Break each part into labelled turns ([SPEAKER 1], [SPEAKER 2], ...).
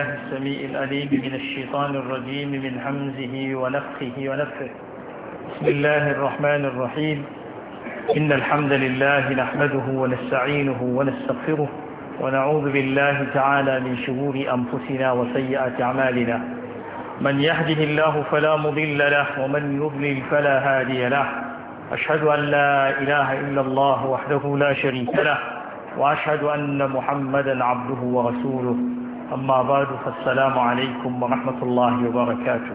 [SPEAKER 1] الله السميع الأليم من الشيطان الرجيم من حمزه ونفخه ونفخه بسم الله الرحمن الرحيم إن الحمد لله نحمده ونستعينه ونستغفره ونعوذ بالله تعالى من شرور أنفسنا وسيئات أعمالنا من يهده الله فلا مضل له ومن يضلل فلا هادي له أشهد أن لا إله إلا الله وحده لا شريك له وأشهد أن محمدا عبده ورسوله amma ba da assalamu alaikum wa rahmatullahi wa barakatu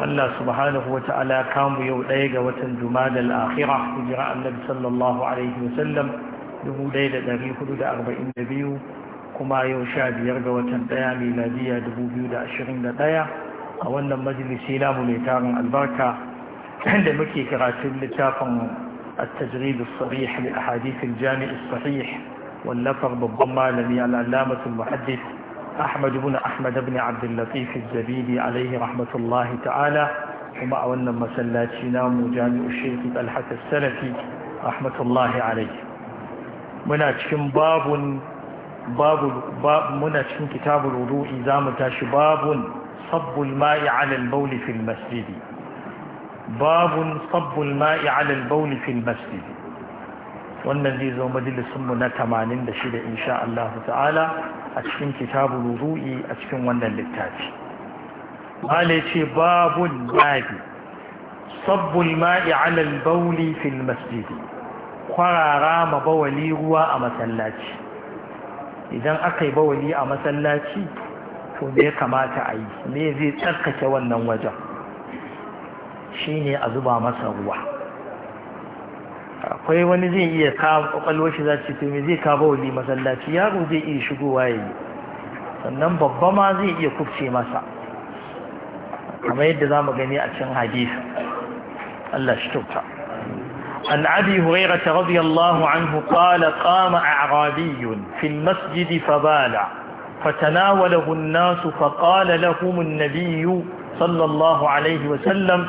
[SPEAKER 1] Allah subhanahu wa ta'ala kamu yau ɗaya ga watan jumada al'akira ku jira annabi sallallahu alaihi wasallam 1442 kuma yau sha biyar ga watan ɗaya miladiya 2021 a wannan majalisi namu mai tarin albarka inda muke karatun littafin التجريب الصريح لأحاديث الجامع الصحيح واللفظ بالضمان لمي على علامة المحدث أحمد بن أحمد بن عبد اللطيف الزبيدي عليه رحمة الله تعالى وما أولنا مسلاتنا مجامع الشيخ الحسن السلفي رحمة الله عليه منا باب باب باب منا كتاب الوضوء إذا متاش باب صب الماء على البول في المسجد باب صب الماء على البول في المسجد والنزيز ومدل سمنا كمانين na إن شاء الله تعالى a cikin kitabu ruru'i a cikin wannan littafi malai ce babun babi sabbul ma'i alal bauli fil masjidi kwarara ma bawali ruwa a masallaci idan aka yi bawali a masallaci to me kamata a yi me zai tsarkake wannan wajen shine a zuba masa ruwa akwai wani zai iya kwakwalwar shi za ce to zai kaba wali masallaci yaro zai iya shigo waye sannan babba ma zai iya kufce masa kamar yadda za mu gani a cin hadisi Allah shi tauta al'adi huraira ta rabi Allah anhu kwala kama a arabiyun fil masjidi fa fabala fatanawalahu nasu fa kwala lahumun nabiyu sallallahu alaihi wasallam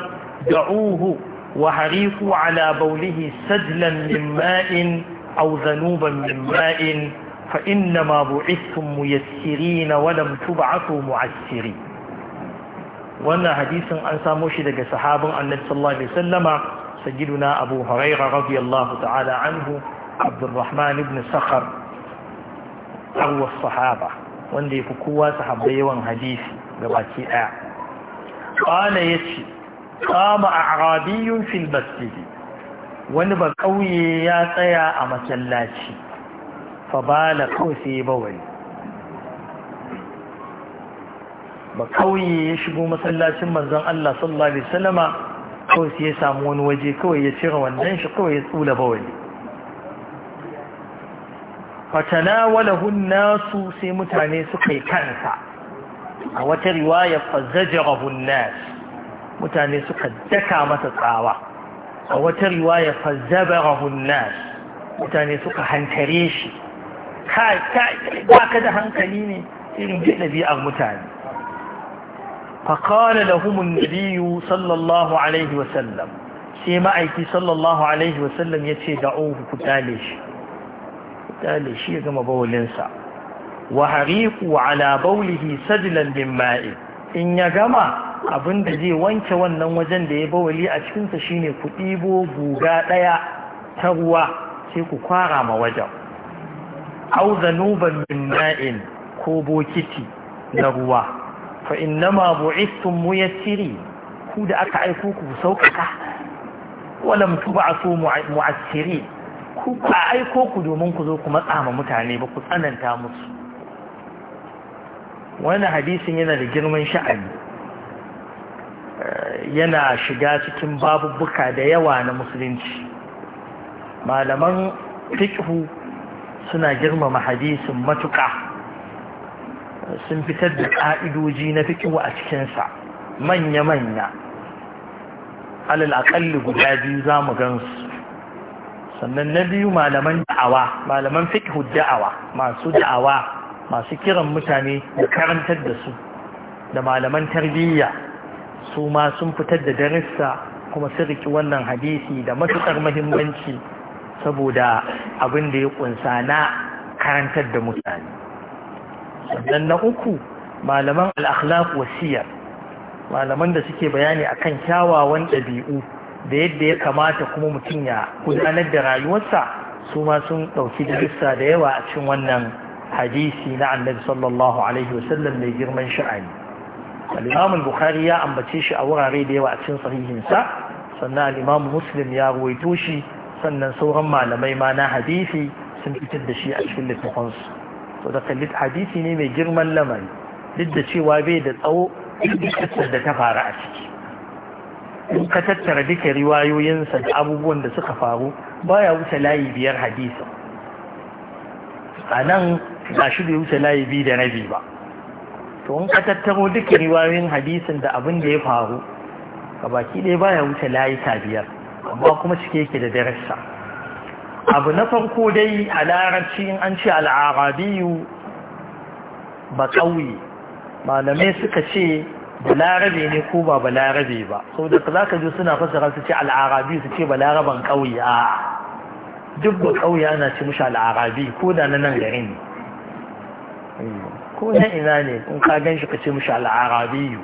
[SPEAKER 1] da'uhu وحريقوا على بوله سجلا من ماء أو ذنوبا من ماء فإنما بعثتم ميسرين ولم تبعثوا معسرين wannan hadisin an samo shi daga sahabin annabi sallallahu alaihi wasallama sayyiduna abu hurairah radiyallahu ta'ala anhu abdurrahman ibn sakhar arwa sahaba wanda yafi kowa sahabbai yawan hadisi gabaki daya qala yace kama a arabiyun fil masjidi wani ba ƙauye ya tsaya a masallaci fa ba bala kawai ba wani. ba ƙauye ya shigo masallacin manzon Allah sallallahu alaihi wasallama kawai sai ya samu wani waje kawai ya cire wannan shi kawai ya tsula ba wani. bawali fatanawalahu nasu sai mutane suka yi kansa a wata riwaya fazajarahu nasu mutane suka daka masa tsawa a wata riwaya fazzabarahu nas mutane suka hantare shi ka ka da hankali ne irin ji ɗabi'ar mutane faƙala da humun nabiyu sallallahu alaihi wasallam sai ma'aiki sallallahu alaihi wasallam ya ce da ohu ku tale shi tale shi ya gama baulinsa wa hariku ala baulihi sajilan bin ma'i in ya gama abin da zai wanke wannan wajen da ya bawali a cikinsa shine ku ɗibo guga ɗaya ta ruwa sai ku kwara ma wajen au zanuban min na'in ko bokiti na ruwa fa innama bu'istum muyassiri ku da aka aiko ku sauƙaƙa walam tub'asu mu'assiri ku ba aiko ku domin ku zo ku matsa ma mutane ba ku tsananta musu wani hadisin yana da girman sha'ani yana shiga cikin babubuka da yawa na musulunci malaman fikihu suna girmama hadisin matuƙa sun fitar da ƙa'idoji na fikihu a cikinsa manya-manya alal aƙalli guda biyu za mu gansu sannan na biyu malaman da'awa malaman fikihu da'awa masu da'awa masu kiran mutane da karantar da su da malaman tarbiyya su ma sun fitar da darissa kuma sun riki wannan hadisi da matuƙar mahimmanci saboda abin da ya kunsa na karantar da mutane sannan na uku malaman al'akhlaq wasiyar malaman da suke bayani a kan kyawawan ɗabi'u da yadda ya kamata kuma mutum ya gudanar da rayuwarsa su ma sun ɗauki darissa da yawa a cikin wannan hadisi na annabi sallallahu alaihi wasallam mai girman sha'ani al-imam bukhari ya ambace shi a wurare da yawa a cikin sahihinsa sannan al muslim ya ruwaito shi sannan sauran malamai ma na hadisi sun fitar da shi a cikin littafansu to da hadisi ne mai girman lamari duk da cewa bai da tsawo da ta faru a ciki in ka tattara duka riwayoyinsa da abubuwan da suka faru baya wuce layi biyar hadisi a nan ga shi bai wuce layi biyu da rabi ba to in ka tattaro duka riwayoyin hadisin da abin da ya faru ka baki ɗaya baya wuce layuka biyar amma kuma cike yake da darasa abu na farko dai a larabci in an ce al'arabiyu ba ƙauye malamai suka ce balarabe ne ko ba balarabe ba sau da za ka ji suna fasara su ce al'arabi su ce balaraban ƙauye a duk ba ƙauye ana ce mushi al'arabi ko da na nan gari ne كون إيماني كون كاجنش كسي على عربي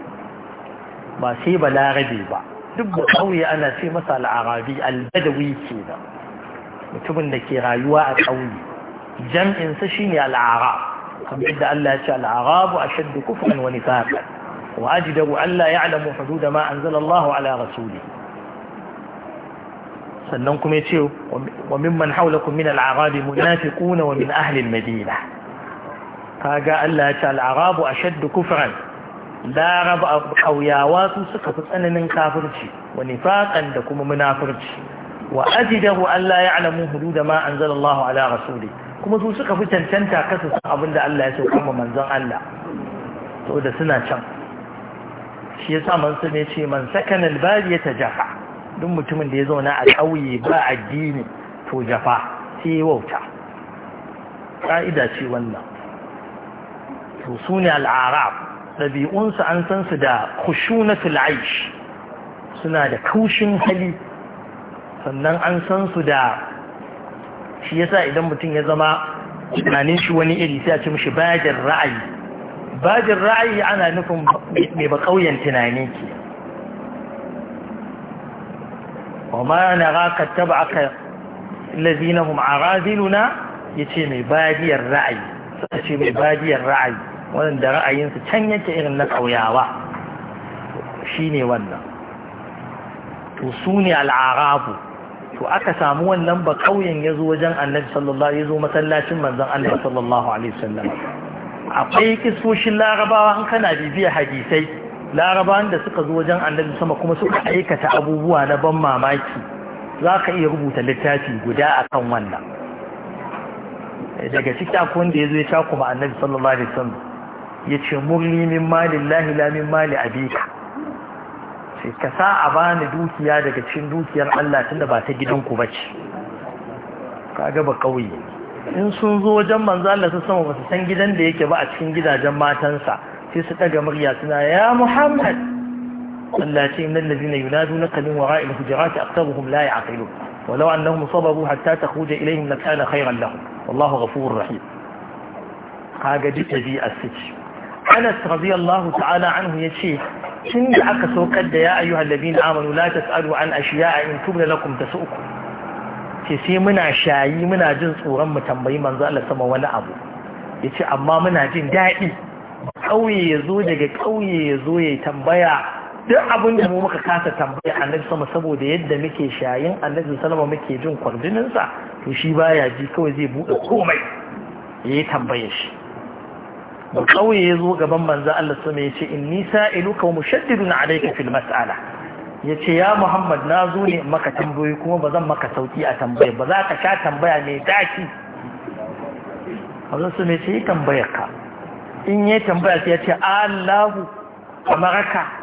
[SPEAKER 1] ما سيب لا غدي با دب قوي أنا في مثل عربي البدوي كذا متبن لك رايوا قوي جم إنسشيني على عرب فبعد الله شاء العرب وأشد كفرا ونفاقا وأجده ألا يعلم حدود ما أنزل الله على رسوله سننكم يتيو ومن من حولكم من العرب منافقون ومن أهل المدينة kaga Allah ya ce al'arabu a shaddu kufran laraba ƙauyawa su suka fi tsananin kafirci wa nifaƙan da kuma munafirci wa ajidahu Allah ya alamu hudu da ma an ala rasuli kuma su suka fi cancanta kasa san da Allah ya sauka ma manzon Allah to da suna can shi yasa manzo ne ce man sakana albadi ya tajafa duk mutumin da ya zauna a ƙauye ba addini to jafa sai wauta ka'ida ce wannan to su ne al'arab ɗabi'unsu an san su da khushunatul aish suna da kaushin hali sannan an san su da shi yasa idan mutum ya zama tunanin shi wani iri sai a ce bajin ra'ayi bajin ra'ayi ana nufin mai ba tunani ke wa na raka taba aka lazina hum araziluna ya ce mai bajiyar ra'ayi a ce mai badiyar ra'ayi waɗanda ra'ayinsu can yake irin na ƙauyawa shi ne wannan to su ne al'arabu to aka samu wannan ba ƙauyen ya zo wajen annabi sallallahu ya zo masallacin manzon Allah sallallahu alaihi wasallam akwai kisoshin larabawa an kana bibiya hadisai larabawan da suka zo wajen annabi sama kuma suka aikata abubuwa na ban mamaki za ka iya rubuta littafi guda akan wannan daga ciki akwai wanda ya zo ya kuma annabi sallallahu alaihi wasallam ya ce murni min mali lahi la min mali abika sai ka sa a bani dukiya daga cikin dukiyar Allah tunda ba ta ku ba ce kaga ba kauye in sun zo wajen manzo Allah su sama ba su san gidan da yake ba a cikin gidajen matansa sai su daga murya suna ya Muhammad Allah ce innal ladina yunadunaka min wara'il hujurati aqtabuhum la ya'qilun ولو أنهم صبروا حتى تخرج إليهم لكان خيرا لهم wallahu ghafurur rahim kaga duk tabi'ar su ce Anas radiyallahu ta'ala anhu yace tun da aka saukar da ya ayyuhal ladina amanu la tasalu an ashiya'a in tubla lakum tasu'ku ce sai muna shayi muna jin tsoron mu tambayi manzo Allah sama wani abu yace amma muna jin daɗi ƙauye ya zo daga ƙauye ya zo ya tambaya duk abin da mu muka kasa tambaya annabi sama saboda yadda muke shayin annabi sallama muke jin sa to shi baya ji kawai zai buɗe komai ya yi tambaye shi ba kawai ya zo gaban manzo Allah sama ya ce inni sa'iluka wa mushaddidun alayka fil mas'ala ya ce ya Muhammad na zo ne maka tambayoyi kuma ba zan maka sauki a tambaye ba za ka sha tambaya mai daki Allah sama ya ce yi tambayar ka in yi tambaya sai ya ce Allahu amaraka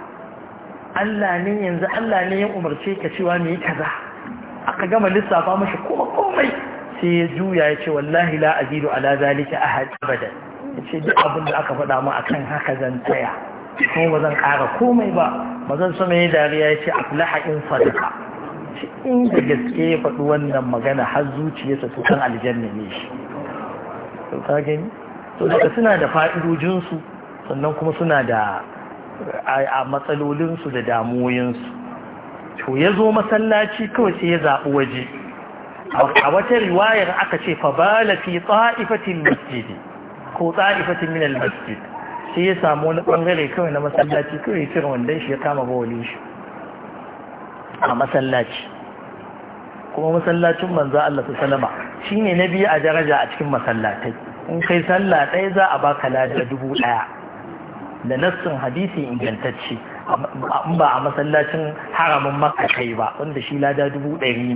[SPEAKER 1] Allah ne yanzu Allah ne ya umarce ka cewa me kaza aka gama lissafa mashi kuma komai sai ya juya ya ce wallahi la azidu ala zalika ahad abadan ya ce duk abin da aka faɗa mu akan haka zan tsaya ko ba zan ƙara komai ba ba zan so mai dariya ya ce aflaha in sadaka in da gaske ya faɗi wannan magana har zuciyarsa to kan aljanna ne shi to ka gani to daga suna da fa'idojinsu sannan kuma suna da a matsalolinsu da damuwoyinsu to ya zo masallaci kawai sai ya zaɓi waje a wata riwayar aka ce fa bala fi tsa'ifatin masjidi ko tsa'ifatin minal masjid sai ya samu wani ɓangare kawai na masallaci kawai cire wanda shi ya kama bawalin shi a masallaci kuma masallacin manzo Allah su salama shine na biyu a daraja a cikin masallatai in kai sallah ɗaya za a baka lada dubu ɗaya da nassin hadisi ingantacce in ba a masallacin haramin maka kai ba wanda shi lada dubu ɗari ne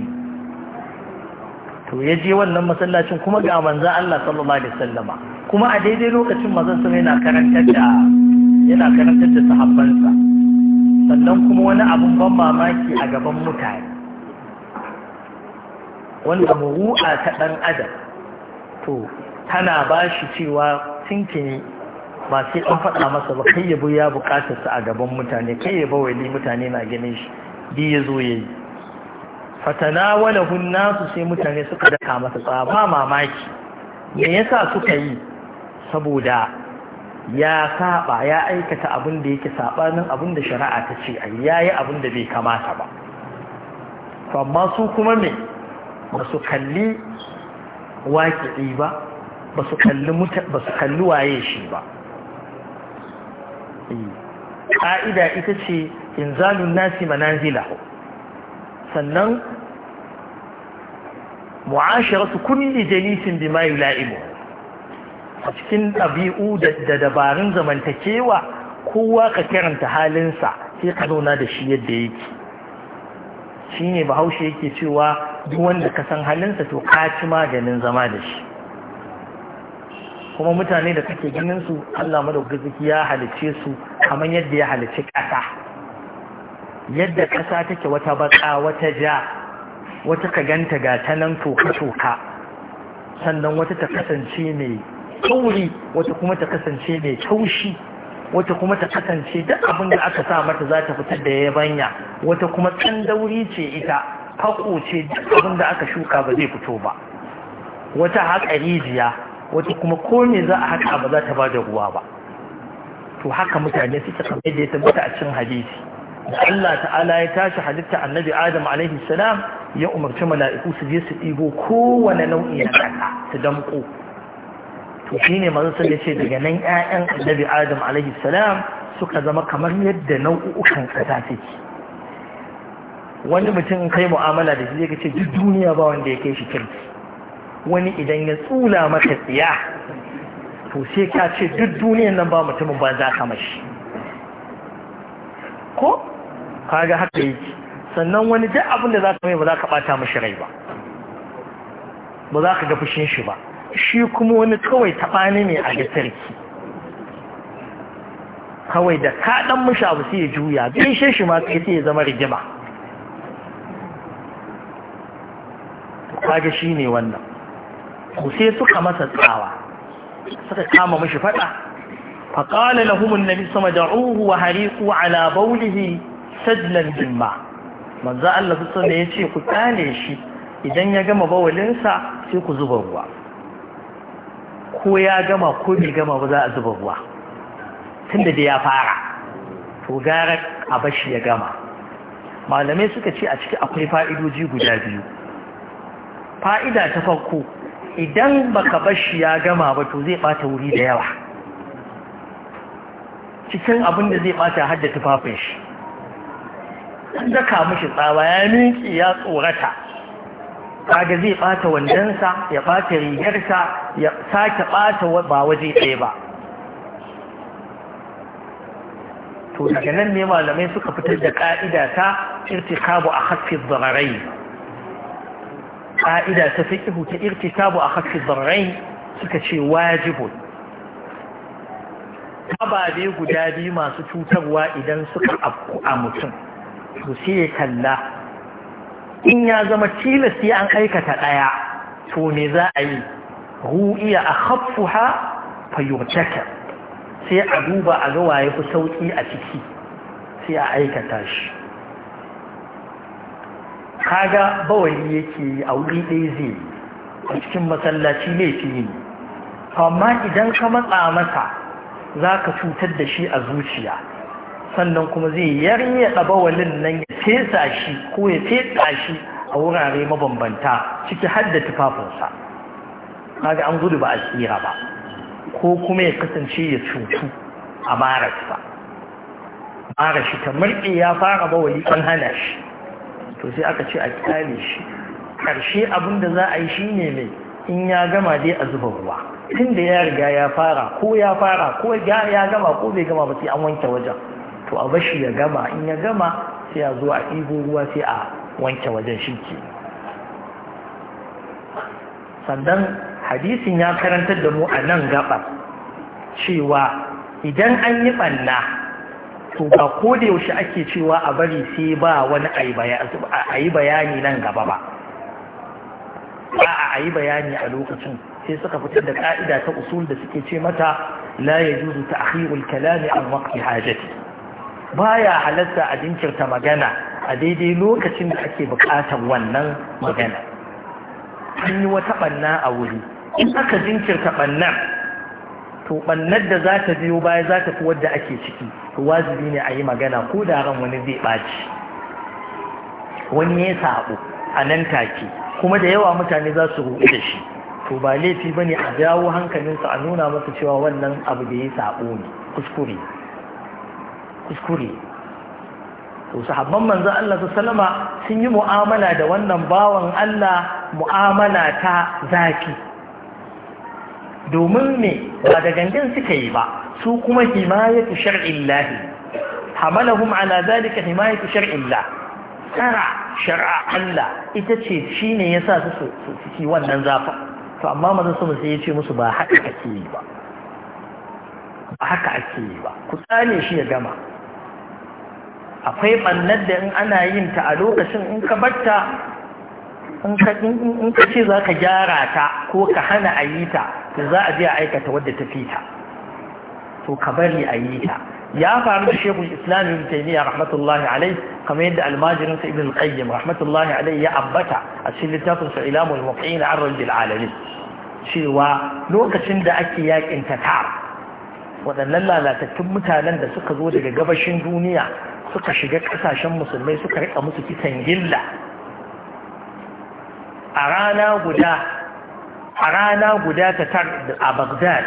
[SPEAKER 1] to ya je wannan masallacin kuma ga manzan Allah sallallahu alaihi wasallama kuma a daidai lokacin manzan yana karantar da yana karantar da sahabbansa sannan kuma wani abun ban mamaki a gaban mutane wanda muru'a ta dan adam to tana ba shi cewa tinkini ba sai an faɗa masa ba kai yabo ya buƙatar sa a gaban mutane kai yabo ni mutane na ganin shi bi ya zo yayi hunna su sai mutane suka daka masa tsaba Ba mamaki me yasa suka yi saboda ya saba ya aikata abin da yake sabanin abin da shari'a ta ce ai yayi abin da bai kamata ba amma su kuma me ba su kalli waƙi ba ba su kalli waye shi ba ƙa'ida ita ce in inzalun nasi manazila sannan mu'asharatu kulli jalisin bima La'imu. a cikin ɗabi'u da dabarun zamantakewa kowa ka karanta halinsa sai ka zauna da shi yadda yake ne bahaushe yake cewa duk wanda ka san halinsa to ka ci maganin zama da shi kuma mutane da kake ginin su Allah madaukaki ya halice su kamar yadda ya halice ƙasa yadda ƙasa take wata baka wata ja wata ka ganta ga ta nan toka-toka sannan wata ta kasance mai kauri wata kuma ta kasance mai taushi wata kuma ta kasance duk abin da aka sa mata za ta fitar da yabanya wata kuma dauri ce ita fako ce duk abin da aka shuka ba zai fito ba wata haƙa rijiya wata kuma ko me za a haka ba za ta ba da ruwa ba to haka mutane suka kamar da ya tabbata a cikin hadisi da Allah ta'ala ya tashi halitta annabi Adam alaihi salam ya umarci mala'iku su je su ɗigo kowane nau'i na kaka su damƙo to shine manzo sun ce daga nan ƴaƴan annabi Adam alaihi salam suka zama kamar yadda nau'ukan ƙasa take wani mutum kai mu'amala da shi zai ce duk duniya ba wanda ya kai shi kirki wani idan ya tsula maka tsiya to sai ka ce duk duniyan nan ba mutumin ba za ka mashi ko kaga haka yake sannan wani duk abin da za ka mai ba za ka bata mashi rai ba ba za ka ga fushin shi ba shi kuma wani kawai taɓani ne a ga sarki kawai da kaɗan mashi abu sai ya juya gaishe shi ma kai sai ya zama rigima kaga shi ne wannan Ku sai suka masa tsawa suka kama mashi fada faƙala na nabi sama da'uhu wa hariku ala baulihi himma. jimma manzo Allah su sanda ya ce ku tsane shi idan ya gama bawalinsa sai ku zuba ruwa ko ya gama ko bai gama ba za a zuba ruwa tunda da ya fara to gara a bashi ya gama malamai suka ce a ciki akwai fa'idoji guda biyu fa'ida ta farko idan baka bashi ya gama ba to zai bata wuri da yawa cikin abin da zai bata hadda tufafin shi an daka mishi tsawa ya miki ya tsorata kaga zai bata sa ya bata rigarsa ya sake bata ba waje ɗaya ba to daga nan ne malamai suka fitar da ka'ida ta irtikabu a haske zararai ƙa'ida ta fiƙihu ta irtikabu a haƙƙi zarrai suka ce wajibun ababe guda biyu masu cutarwa idan suka afku a mutum to sai ya kalla in ya zama tilasti an aikata ɗaya to ne za a yi ru'iya a ha fayyurtaka sai a duba a ga waye ku sauƙi a ciki sai a aikata shi kaga bawali yake a wuri ɗaya zai yi a cikin masallaci ne fi yi amma idan ka matsa masa za ka cutar da shi a zuciya sannan kuma zai a bawalin nan ya fesa shi ko ya fesa shi a wurare mabambanta ciki har da tufafinsa kaga an gudu ba a tsira ba ko kuma ya kasance ya cutu a marasa marashi kamar ya fara bawali an hana shi to sai aka ce a kyale shi ƙarshe abin da za a yi shi ne mai in ya gama dai a zuba ruwa tun da ya riga ya fara ko ya fara ko ya gama ko bai gama ba sai an wanke wajen to a bashi ya gama in ya gama sai a zo a ɗibo ruwa sai a wanke wajen shi ke sannan hadisin ya karantar da mu a nan gaba cewa idan an yi ɓanna to ba ko da yaushe ake cewa a bari sai ba wani a yi bayani nan gaba ba Ba a yi bayani a lokacin sai suka fitar da ka'ida ta usul da suke ce mata la yajuzu ta'khirul kalami an waqti hajati baya halatta a jinkirta magana a daidai lokacin da ake bukatar wannan magana an yi wata banna a wuri in aka jinkirta bannan to ɓannar da za ta biyo baya za ta fi wadda ake ciki to wajibi ne a yi magana ko da ran wani zai ɓaci wani ya saɓo a nan take kuma da yawa mutane za su ruɗu da shi to ba laifi ba ne a jawo hankalinsu a nuna masa cewa wannan abu da ya saɓo ne kuskure kuskure to sahabban manzo Allah salama, sun yi mu'amala da wannan bawan Allah mu'amala ta zafi domin me ba da gangan suka yi ba su kuma himayatu shar'in lahi hamalahum ala zalika himayatu shar'in la tsara shar'a Allah ita ce shine yasa su su wannan zafa to amma manzo sama ya ce musu ba haka ake yi ba ba haka ake yi ba ku tsane shi ya gama akwai ɓannar da in ana yin ta a lokacin in ka batta in ka ce za ka gyara ta ko ka hana a yi ta za a je a aikata wadda ta fita to ka bari a yi ta ya faru da shekul islam ibn taymiya rahmatullahi alai kamar yadda almajirin sa ibn al-qayyim rahmatullahi alai ya abbata a cikin littafin sa ilamul muqin an rabbil alamin cewa lokacin da ake yakin tatar waɗannan lalatattun mutanen da suka zo daga gabashin duniya suka shiga ƙasashen musulmai suka rika musu kitan gilla a rana guda a rana guda ta tar a Baghdad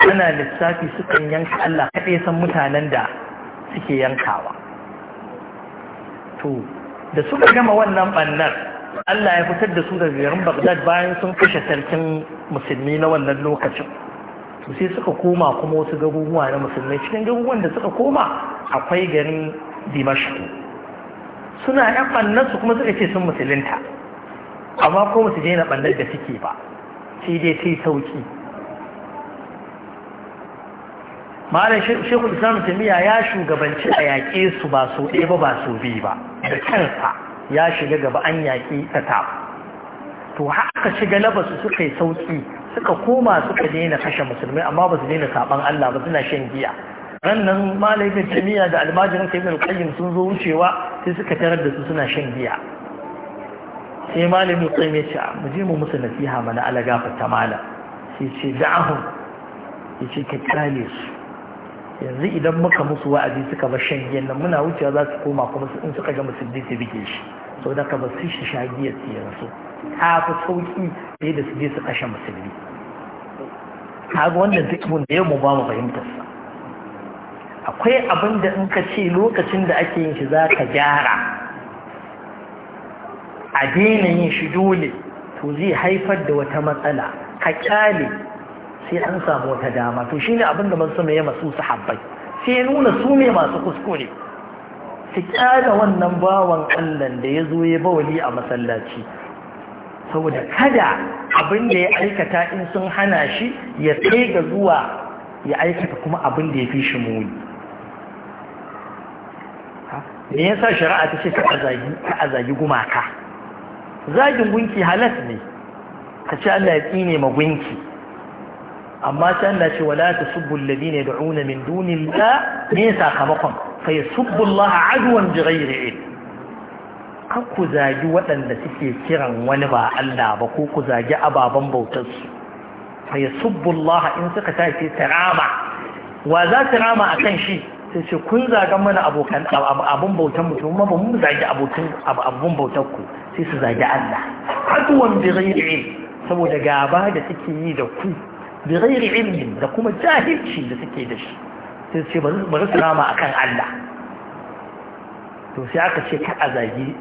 [SPEAKER 1] ana lissafi sukan yanka Allah kaɗai san mutanen da suke yankawa to da suka gama wannan bannar Allah ya fitar da su da garin Baghdad bayan sun kashe sarkin musulmi na wannan lokacin to sai suka koma kuma wasu garuruwa na musulmi, cikin garuruwan da suka koma akwai garin dimashku suna yan ɓannar kuma suka ce sun musulunta amma ko musu daina ɓannar da suke ba sai dai sai sauki malam shekul islam tamiya ya shugabanci a yaƙe su ba sau ɗaya ba ba sau biyu ba da kansa ya shiga gaba an yaƙi ta to haka shiga basu suka yi sauki suka koma suka daina kashe musulmi amma ba su daina saban Allah ba suna shan giya rannan malamin jami'a da almajirin kai ibn sun zo wucewa sai suka tarar da su suna shan giya sai malamin tsaye mai ce mu je mu musu nasiha mana ala ta mala shi ce da'ahun ya ce ka kyale su yanzu idan muka musu wa'azi suka bar shan giyan nan muna wucewa za su koma kuma in suka ga da su bige shi sau da ka ba su shi sha giyar su yanzu ta fi sauki da da su je su kashe musulmi ga wannan duk mun da yau mu ba mu fahimtar sa akwai abin da in ka ce lokacin da ake yin shi za ka gyara a daina yin shi dole to zai haifar da wata matsala ka kyale sai an samu wata dama to shine abin da masu ya masu sahabbai sai nuna su ne masu kuskure su kyale wannan bawan Allah da ya zo ya bawali a masallaci saboda kada abin da ya aikata in sun hana shi ya kai ga zuwa ya aikata kuma abin da ya fi shi muni me yasa shari'a ta ce ka azagi gumaka zagin gunki halas ne ka ce Allah ya tsine ma gunki amma ta Allah ce wala tasubbu alladhina min dunillah me sakamakon fa yasubbu Allah adwan bi ghairi ilm kan ku zagi waɗanda suke kiran wani ba Allah ba ko ku zagi ababen bautarsu fa yasubbu Allah in suka tashi tarama wa za tarama akan shi sai ce kun zaga mana abokan abun bautan mutum ma ba mun zagi abokin abun bautan ku sai su zagi Allah aduwan bi ghairi saboda gaba da suke yi da ku bi ghairi ilmin da kuma jahilci da suke da shi sai ce bari su rama akan Allah to sai aka ce ka a zagi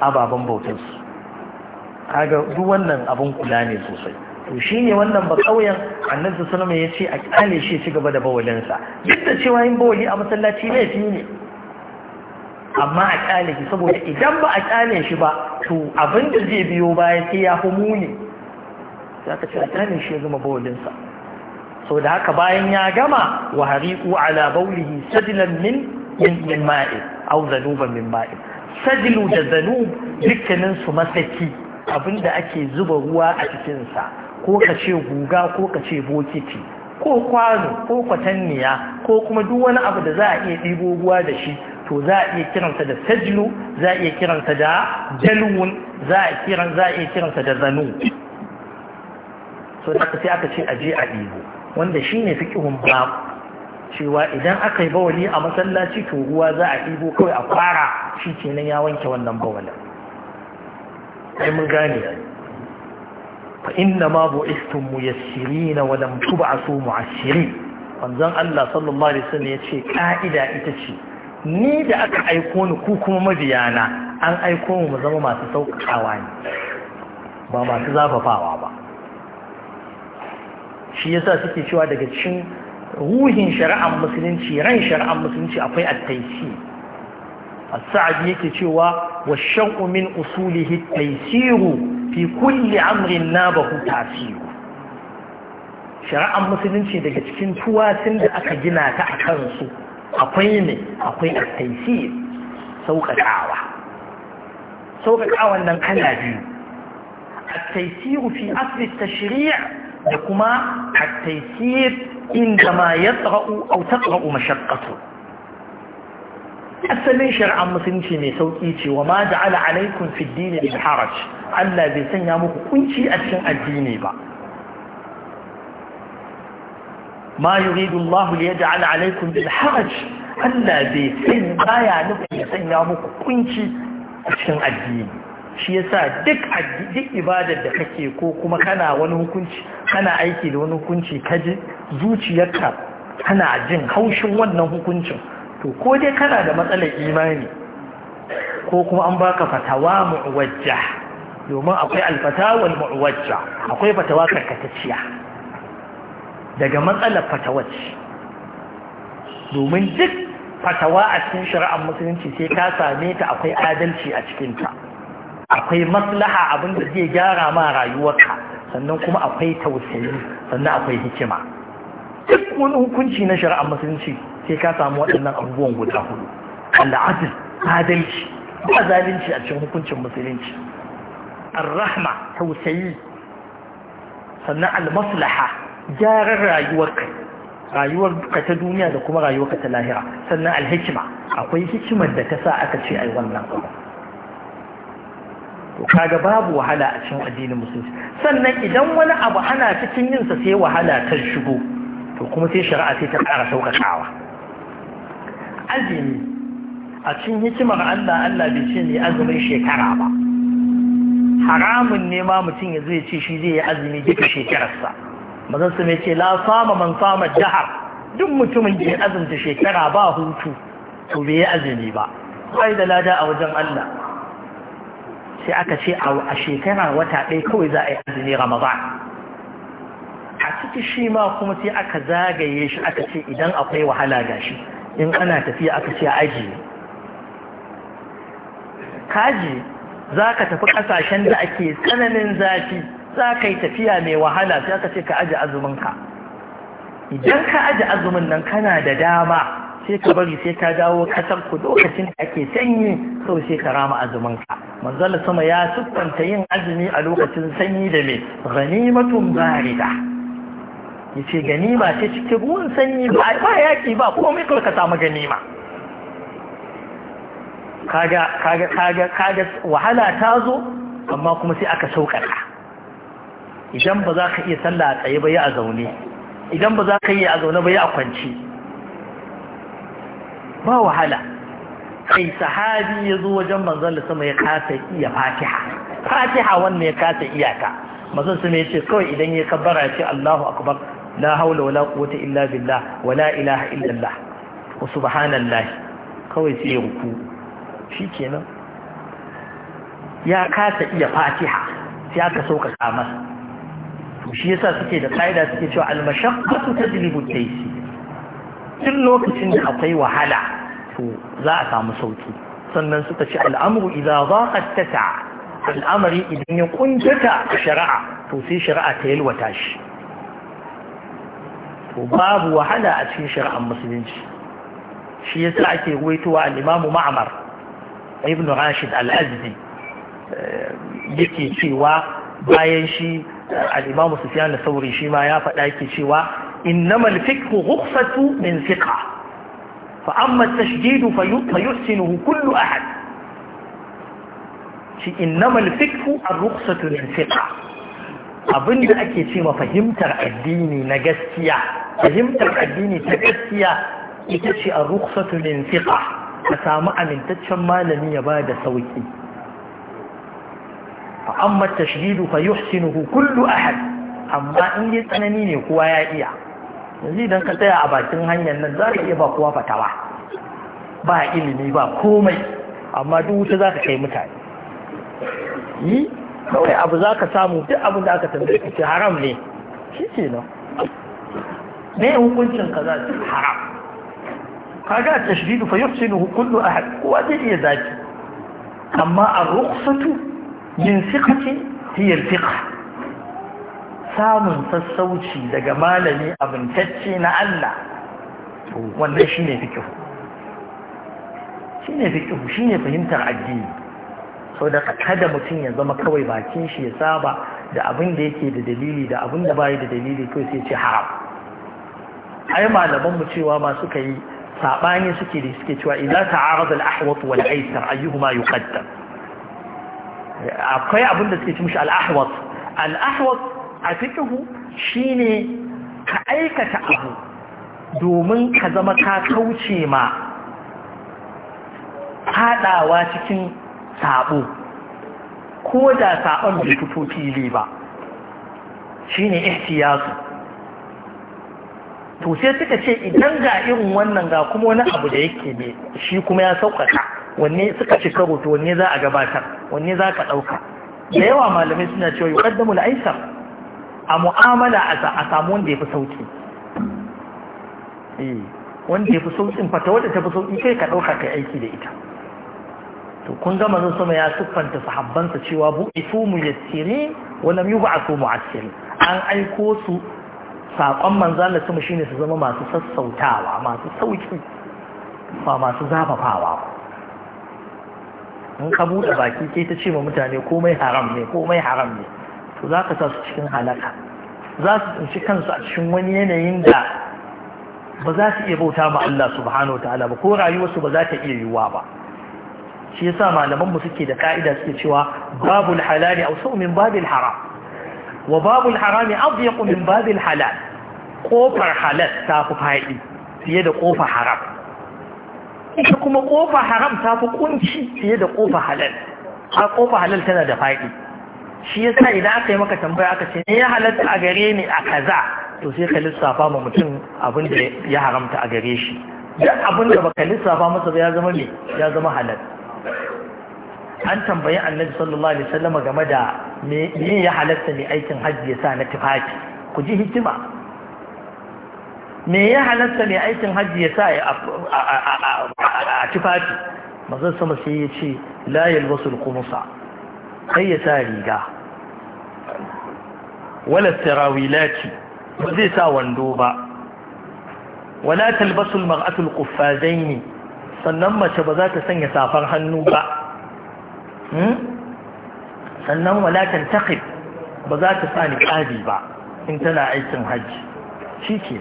[SPEAKER 1] ababen bautar su kaga duk wannan abun kula ne sosai to shi ne wannan ba kauyen annabi sallama ya ce a kyale shi ci gaba da bawalinsa duk da cewa yin bawali a masallaci laifi ne amma a kyale shi saboda idan ba a kyale shi ba to abin da zai biyo baya sai ya fi muni za ka ce a kyale shi ya gama bawalinsa sau da haka bayan ya gama wa hariku ala baulihi sadilan min min ma'i au zanuban min ma'i sadilu da zanub dukkaninsu masaki abinda ake zuba ruwa a cikinsa ko ka ce guga ko ka ce bokiti ko kwano ko kwatanniya ko kuma duk wani abu da za a iya ɗibo ruwa da shi to za a iya kiransa da sajlu za a iya kiransa da jalwun za a iya kiransa da zanu so da sai aka ce je a ɗibo wanda shi ne fi ƙihun ba cewa idan aka yi bawali a masallaci to ruwa za a ɗibo kawai a fara shi kenan ya wanke wannan bawalin sai mun gane فإنما بعثتم ميسرين ولم تبعثوا معسرين manzon Allah sallallahu alaihi wasallam ya ce ka'ida ita ce ni da aka aiko ni ku kuma mabiyana an aiko mu mu zama masu sauƙaƙawa ne ba masu zafafawa ba shi yasa suke cewa daga cikin ruhin shari'ar musulunci ran shari'ar musulunci akwai at-taisi as-sa'di yake cewa wa shar'u min usulihi at-taisiru fi kulli na bahu tasiru shari'ar musulunci daga cikin tuwasin da aka gina ta a kansu akwai ne akwai taisir sauƙaƙawa sauƙaƙawan nan kala biyu taisiru fi asli shari'a da kuma taisir inda ma ya tsara'u au tsara'u mashaqqatu asalin shari'ar musulunci mai sauƙi ce wa ma ja'ala alaikum fi dini haraj Allah bai sanya muku kunci a cikin addini ba ma yuridu Allah li yaj'ala alaikum bil haraj Allah bai sanya baya nufin ya sanya muku kunci a cikin addini shi yasa sa duk ibadar da kake ko kuma kana wani hukunci kana aiki da wani hukunci kaji zuciyarka kana jin haushin wannan hukuncin to ko dai kana da matsalar imani ko kuma an baka fatawa mu'wajja domin akwai alfatawa mu'wajja akwai fatawa karkatacciya daga matsalar fatawaci domin duk fatawa a cikin shari'ar musulunci sai ta same ta akwai adalci a cikin ta akwai maslaha abin da zai gyara ma rayuwarka sannan kuma akwai tausayi sannan akwai hikima duk wani hukunci na shari'ar musulunci sai ka samu waɗannan abubuwan guda hudu al'adil adalci ba zalunci a cikin hukuncin musulunci ar-rahma tausayi sannan al-maslaha gyaran Rayuwar ka ta duniya da kuma ka ta lahira sannan al-hikima akwai hikimar da ta sa aka ce ai wannan abu to kaga babu wahala a cikin addinin musulunci sannan idan wani abu ana cikin yin sa sai wahala ta shigo to kuma sai shari'a sai ta ƙara saukakawa azumi a cikin hikimar Allah Allah bai ce ne azumin shekara ba haramun ne ma mutum ya zai ce shi zai yi azumi duka shekararsa mazan su mai ce la sama man sama jihar duk mutumin ke azumta shekara ba hutu to bai yi azumi ba kai da lada a wajen Allah sai aka ce a shekara wata ɗaya kawai za a yi azumi ramadan a ciki shi ma kuma sai aka zagaye shi aka ce idan akwai wahala ga shi in ana tafiya aka ce aji kaji za ka tafi kasashen da ake tsananin zafi za ka yi tafiya mai wahala sai aka ce ka aji azuminka idan ka aji azumin nan kana da dama sai ka bari sai ka dawo kasar ku lokacin da ake sanyi sau sai ka rama azumin ka manzala sama ya siffanta yin azumi a lokacin sanyi da mai ghanimatun barida yace ganima ce cikin ruwan sanyi ba ba yaki ba komai kawai ka samu ganima kaga kaga kaga kaga wahala ta zo amma kuma sai aka sauƙaƙa idan ba za ka iya sallah a tsaye ba ya a zaune idan ba za ka iya a zaune ba ya a kwanci ba wahala kai sahabi ya zo wajen manzon da sama ya kasa iya fatiha fatiha wannan ya kasa iyaka mazan su ne ce kawai idan ya kabbara ya ce Allahu akbar la haula wala quwwata illa billah wala ilaha illa Allah wa subhanallah kawai sai ya ruku shikenan ya kasa iya fatiha sai aka sauka kama. to shi yasa suke da kaida suke cewa al-mashaqqatu tajlibu at-taysir duk lokacin da akwai wahala to za a samu sauki sannan suka ce al'amuru idan za a tata al'amari idan ya kuntata shari'a to sai shari'a ta yalwata shi to babu wahala a cikin shari'ar musulunci shi yasa ake ruwaitowa al-imamu ma'mar ibn rashid al-azdi eh, yake cewa bayan shi eh, al-imamu sufyan al-thawri shi ma ya faɗa yake cewa innamal fiqhu rukhsatu min fiqa fa amma at-tashdid fa yuhsinuhu kullu ahad shi innamal fiqhu ar-rukhsatu min fiqa abinda ake ce ma fahimtar addini na gaskiya fahimtar addini ta gaskiya ita ce a rukhsatu lin fiqa ka samu amintaccen malami ya ba da sauki fa amma tashdidu fa yuhsinuhu kullu ahad amma in yi tsanani ne kowa ya iya yanzu idan ka tsaya a bakin hanyar nan za ka iya ba kowa fatawa ba ilimi ba komai amma duk wuta za ka kai mutane yi kawai abu za ka samu duk abin da aka tambaye ka ce haram ne shi ke nan me hukuncin kaza duk haram kaga tashdidu fa yuhsinuhu kullu ahad kowa zai iya zaki amma ar-rukhsatu min thiqati hiya al-fiqh samun sassauci daga malami abintacce na Allah wannan shi ne shine fiqh shine shi ne fahimtar addini sau da kada mutum ya zama kawai bakin shi ya saba da abin da yake da dalili da abin da bai da dalili to sai ce haram ai malaman mu cewa ma suka yi saɓani suke da suke cewa idza ta'arada al-ahwat wal aysar ayyuhuma yuqaddam akwai abin da suke ci mishi al-ahwat a fiqhu shine ka aikata abu domin ka zama ka kauce ma fadawa cikin sabo ko da sabon bai fito fili ba shine ihtiyasu to sai suka ce idan ga irin wannan ga kuma wani abu da yake ne shi kuma ya sauƙaƙa wanne suka ci karo to wanne za a gabatar wanne za ka ɗauka da yawa malamai suna cewa yi ƙaddamu la'aisar a mu'amala a samu wanda ya fi sauƙi eh, wanda ya fi sauƙin fata wadda ta fi sauƙi kai ka ɗauka kai aiki da ita to kun gama zan sama ya siffanta sahabbansa cewa su mu yi wa lam yub'athu mu'assirin an aiko su saƙon manzan da sama shine su zama masu sassautawa masu sauƙi ba masu zafafawa in ka buɗe baki ke ta ce ma mutane komai haram ne komai haram ne to za ka sa su cikin halaka za su tsinci kansu a cikin wani yanayin da ba za su iya bauta ma Allah subhanahu ta'ala ba ko rayuwarsu ba za ta iya yiwuwa ba shi yasa malaman mu suke da ka'ida suke cewa babul halali aw sawmin babil haram wa babul harami adyaq min babil halal kofar halal ta fi fiye da kofar haram ita kuma kofar haram ta fi kunci fiye da kofar halal a kofar halal tana da faɗi shi yasa idan aka yi maka tambaya aka ce ne ya halatta a gare ni a kaza to sai ka lissafa ma mutum abin da ya haramta a gare shi duk abin da baka lissafa masa ba ya zama ne ya zama halal an tambayi annabi sallallahu alaihi wasallam game da me ya halatta ne aikin hajji ya sa na tufafi ku ji hikima me ya halatta ne aikin hajji ya sa a tufafi mazan sama sai ya ce la wasu al-qumsa kai ya sa riga wala tarawilati ba zai sa wando ba wala talbasu al-mar'atu al-quffazaini sannan mace ba za ta sanya safar hannu ba Hmm? sannan wala tantaqib ba za ta sani niqabi ba in tana aikin hajji shi ke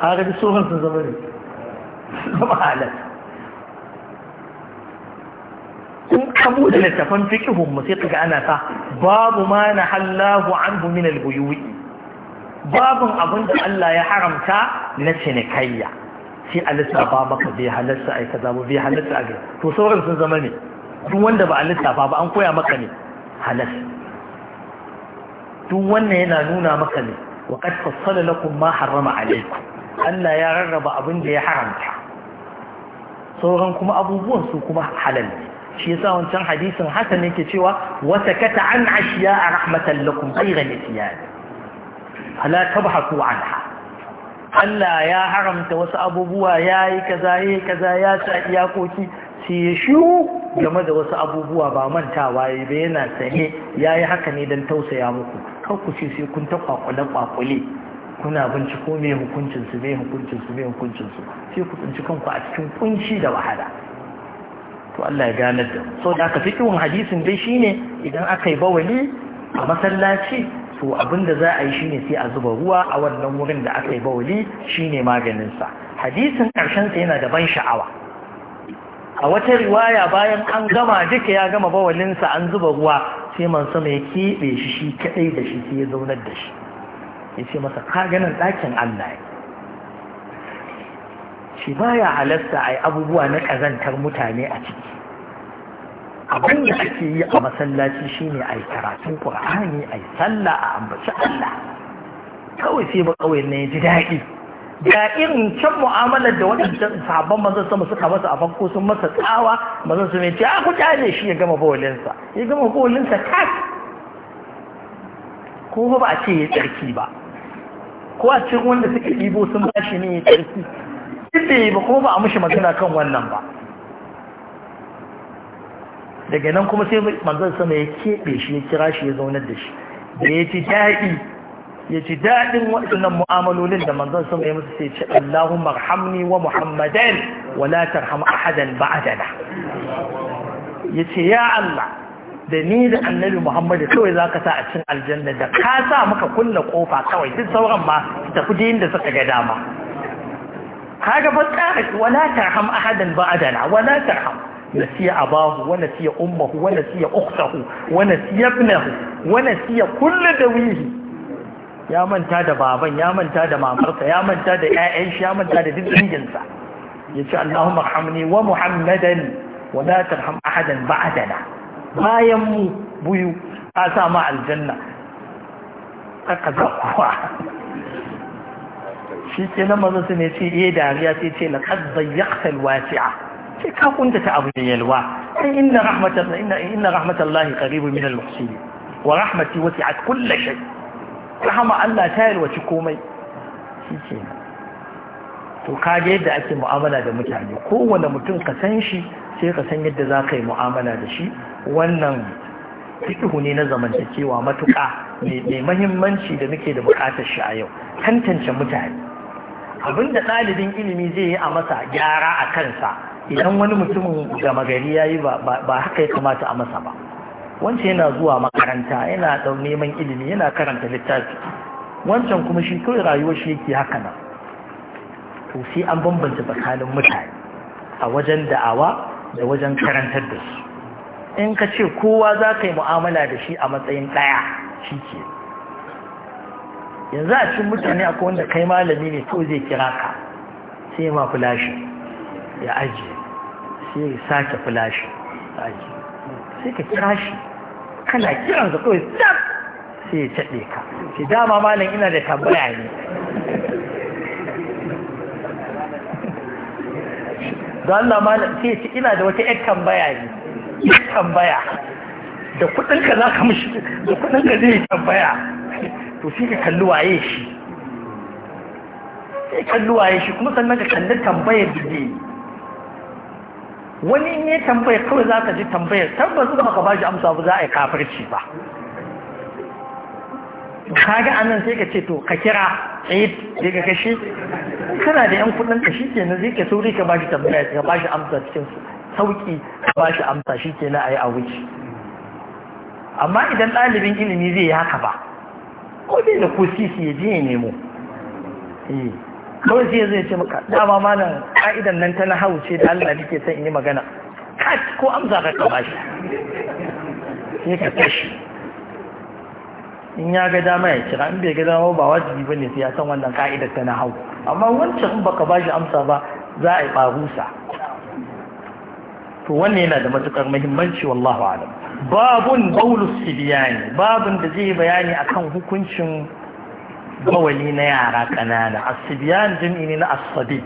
[SPEAKER 1] kare da tsohon sun zama ne zama halar kun abu da littafan fikihun mu sai kaga ana sa babu ma na hallahu anhu min al-buyuwi babun abin da Allah ya haramta na cinikayya sai a lissafa maka bai halarsa a yi bai halarsa a to sauran sun zama ne duk wanda ba a lissafa ba an koya maka ne halas duk wannan yana nuna maka ne wa qad fassala lakum ma harrama alaykum Allah ya rarraba abin da ya haramta sauran kuma abubuwan su kuma halal shi yasa wancan hadisin hasan yake cewa wa sakata an ashiya rahmatan lakum ghayra nisyan fala tabhaku anha Allah ya haramta wasu abubuwa yayi kaza yayi kaza ya sa iyakoki Sai ya shiru game da wasu abubuwa ba mantawa ya bai yana sane ya yi haka ne don tausaya muku ku ce sai kun ta kwakwale-kwakwale kuna binciko mai hukuncinsu mai hukuncinsu mai hukuncinsu sai ku tsinci kanku a cikin kunci da wahala to Allah ya gane da so da aka fikin hadisin dai shine idan aka yi bawali a masallaci to abin da za a yi shine sai a zuba ruwa a wannan wurin da aka yi bawali shine maganinsa hadisin ƙarshensa yana da ban sha'awa a wata riwaya bayan an gama duka ya gama bawalinsa an zuba ruwa sai man sama ya keɓe shi shi kaɗai da shi sai ya zaunar da shi ya ce masa ka ganin ɗakin Allah shi baya halasta a abubuwa na ƙazantar mutane a ciki abin da ake yi a masallaci shine a yi karatun ƙur'ani a yi sallah a ambaci Allah kawai sai ba kawai na ya ji daɗi ga irin can mu'amalar da waɗancan sabon manzon sama suka masa a farko sun masa tsawa manzon su mai ce a ah, ku ne shi ya gama bolinsa ya gama bolinsa tak ko ba a ce ya tsarki ba ko a cikin wanda suka ɗibo sun ba shi ne ya tsarki inda ya yi ba kuma ba a mushi magana kan wannan ba daga nan kuma sai manzon sama ya keɓe shi ya kira shi ya zaunar da shi da ya ci daɗi ya ji daɗin waɗannan mu'amalolin da manzon sun yi musu sai ce Allahumma rahamni wa Muhammadan wa la tarham ahadan ba'dana yace ya Allah da ni da Annabi Muhammad kawai ka sa a cikin aljanna da ka sa muka kulle kofa kawai duk sauran ma su tafi da inda suka ga dama kaga ba tsara wa la tarham ahadan ba'dana wa la tarham nasiya abahu wa nasiya ummuhu wa nasiya ukhtahu wa nasiya ibnahu wa nasiya kullu dawihi ya manta da baban ya manta da mamarsa ya manta da ƴaƴan shi ya manta da duk danginsa ya ce Allahumma hamni wa Muhammadan wa la tarham ahadan ba'dana bayan mu buyu a sa ma aljanna aka ga kuwa. shi ke nan mazan su ne ce iya eh, dariya sai ce na ƙazzan yaktar wasi'a Sai ka kunta ta abu da yalwa sai inna rahmatallahi qaribun min al-muhsinin wa rahmati wasi'at kulli shay' rahama Allah ta yalwaci komai shi ce to kage yadda ake mu'amala da mutane kowane mutum ka san shi sai ka san yadda za ka yi mu'amala da shi wannan fikihu ne na zamantakewa matuƙa mai mahimmanci da muke da buƙatar shi a yau tantance mutane abinda ɗalibin ilimi zai yi a masa gyara a kansa idan wani mutumin gama gari ya yi ba haka ya kamata a masa ba wance yana zuwa makaranta yana ɗau neman ilimi yana karanta littafi wancan kuma shi kawai rayuwar shi yake haka nan to sai an bambanta tsakanin mutane a wajen da'awa da wajen karantar da su in ka ce kowa za ka yi mu'amala da shi a matsayin ɗaya shi ke yanzu a cikin mutane akwai wanda kai malami ne ko zai kira ka sai ma fulashi ya ajiye sai ya sake fulashi ajiye sai ka kira shi kana kiransa kawai sab sai ya caɗe ka shi dama malam ina da tambaya ne da Allah malam sai ce ina da wata yan tambaya ne yan tambaya da kudin ka zaka mishi da kudin ka zai tambaya to sai ka kalli waye shi sai kalli waye shi kuma sannan ka kalli tambayar da zai yi wani in ya tambaya kawai za ka ji tambayar tabbas ba ka bashi amsa ba za a yi kafirci ba Ka ga anan sai ka ce to ka kira eid sai ka kashe kana da yan kudin ka shike na zai ka sauri ka bashi tambaya ka bashi amsa cikin sauki ka bashi amsa shike na ayi a wuce amma idan ɗalibin ilimi zai yi haka ba ko dai da ko sisi ya je ya nemo eh. kawai sai zai ce maka dama malam ka'idan nan ta nahawu ce da Allah ke son in yi magana kat ko amsa ka kaba shi sai ka tashi in ya ga dama ya kira in bai ga dama ba wajibi bane sai ya san wannan ka'idar ta nahawu amma wancan in baka bashi amsa ba za a yi barusa to wannan yana da matukar muhimmanci wallahu alam babun baulus sibiyani babun da zai bayani akan hukuncin bawali na yara ƙanana asibiyan jim'i ne na asabi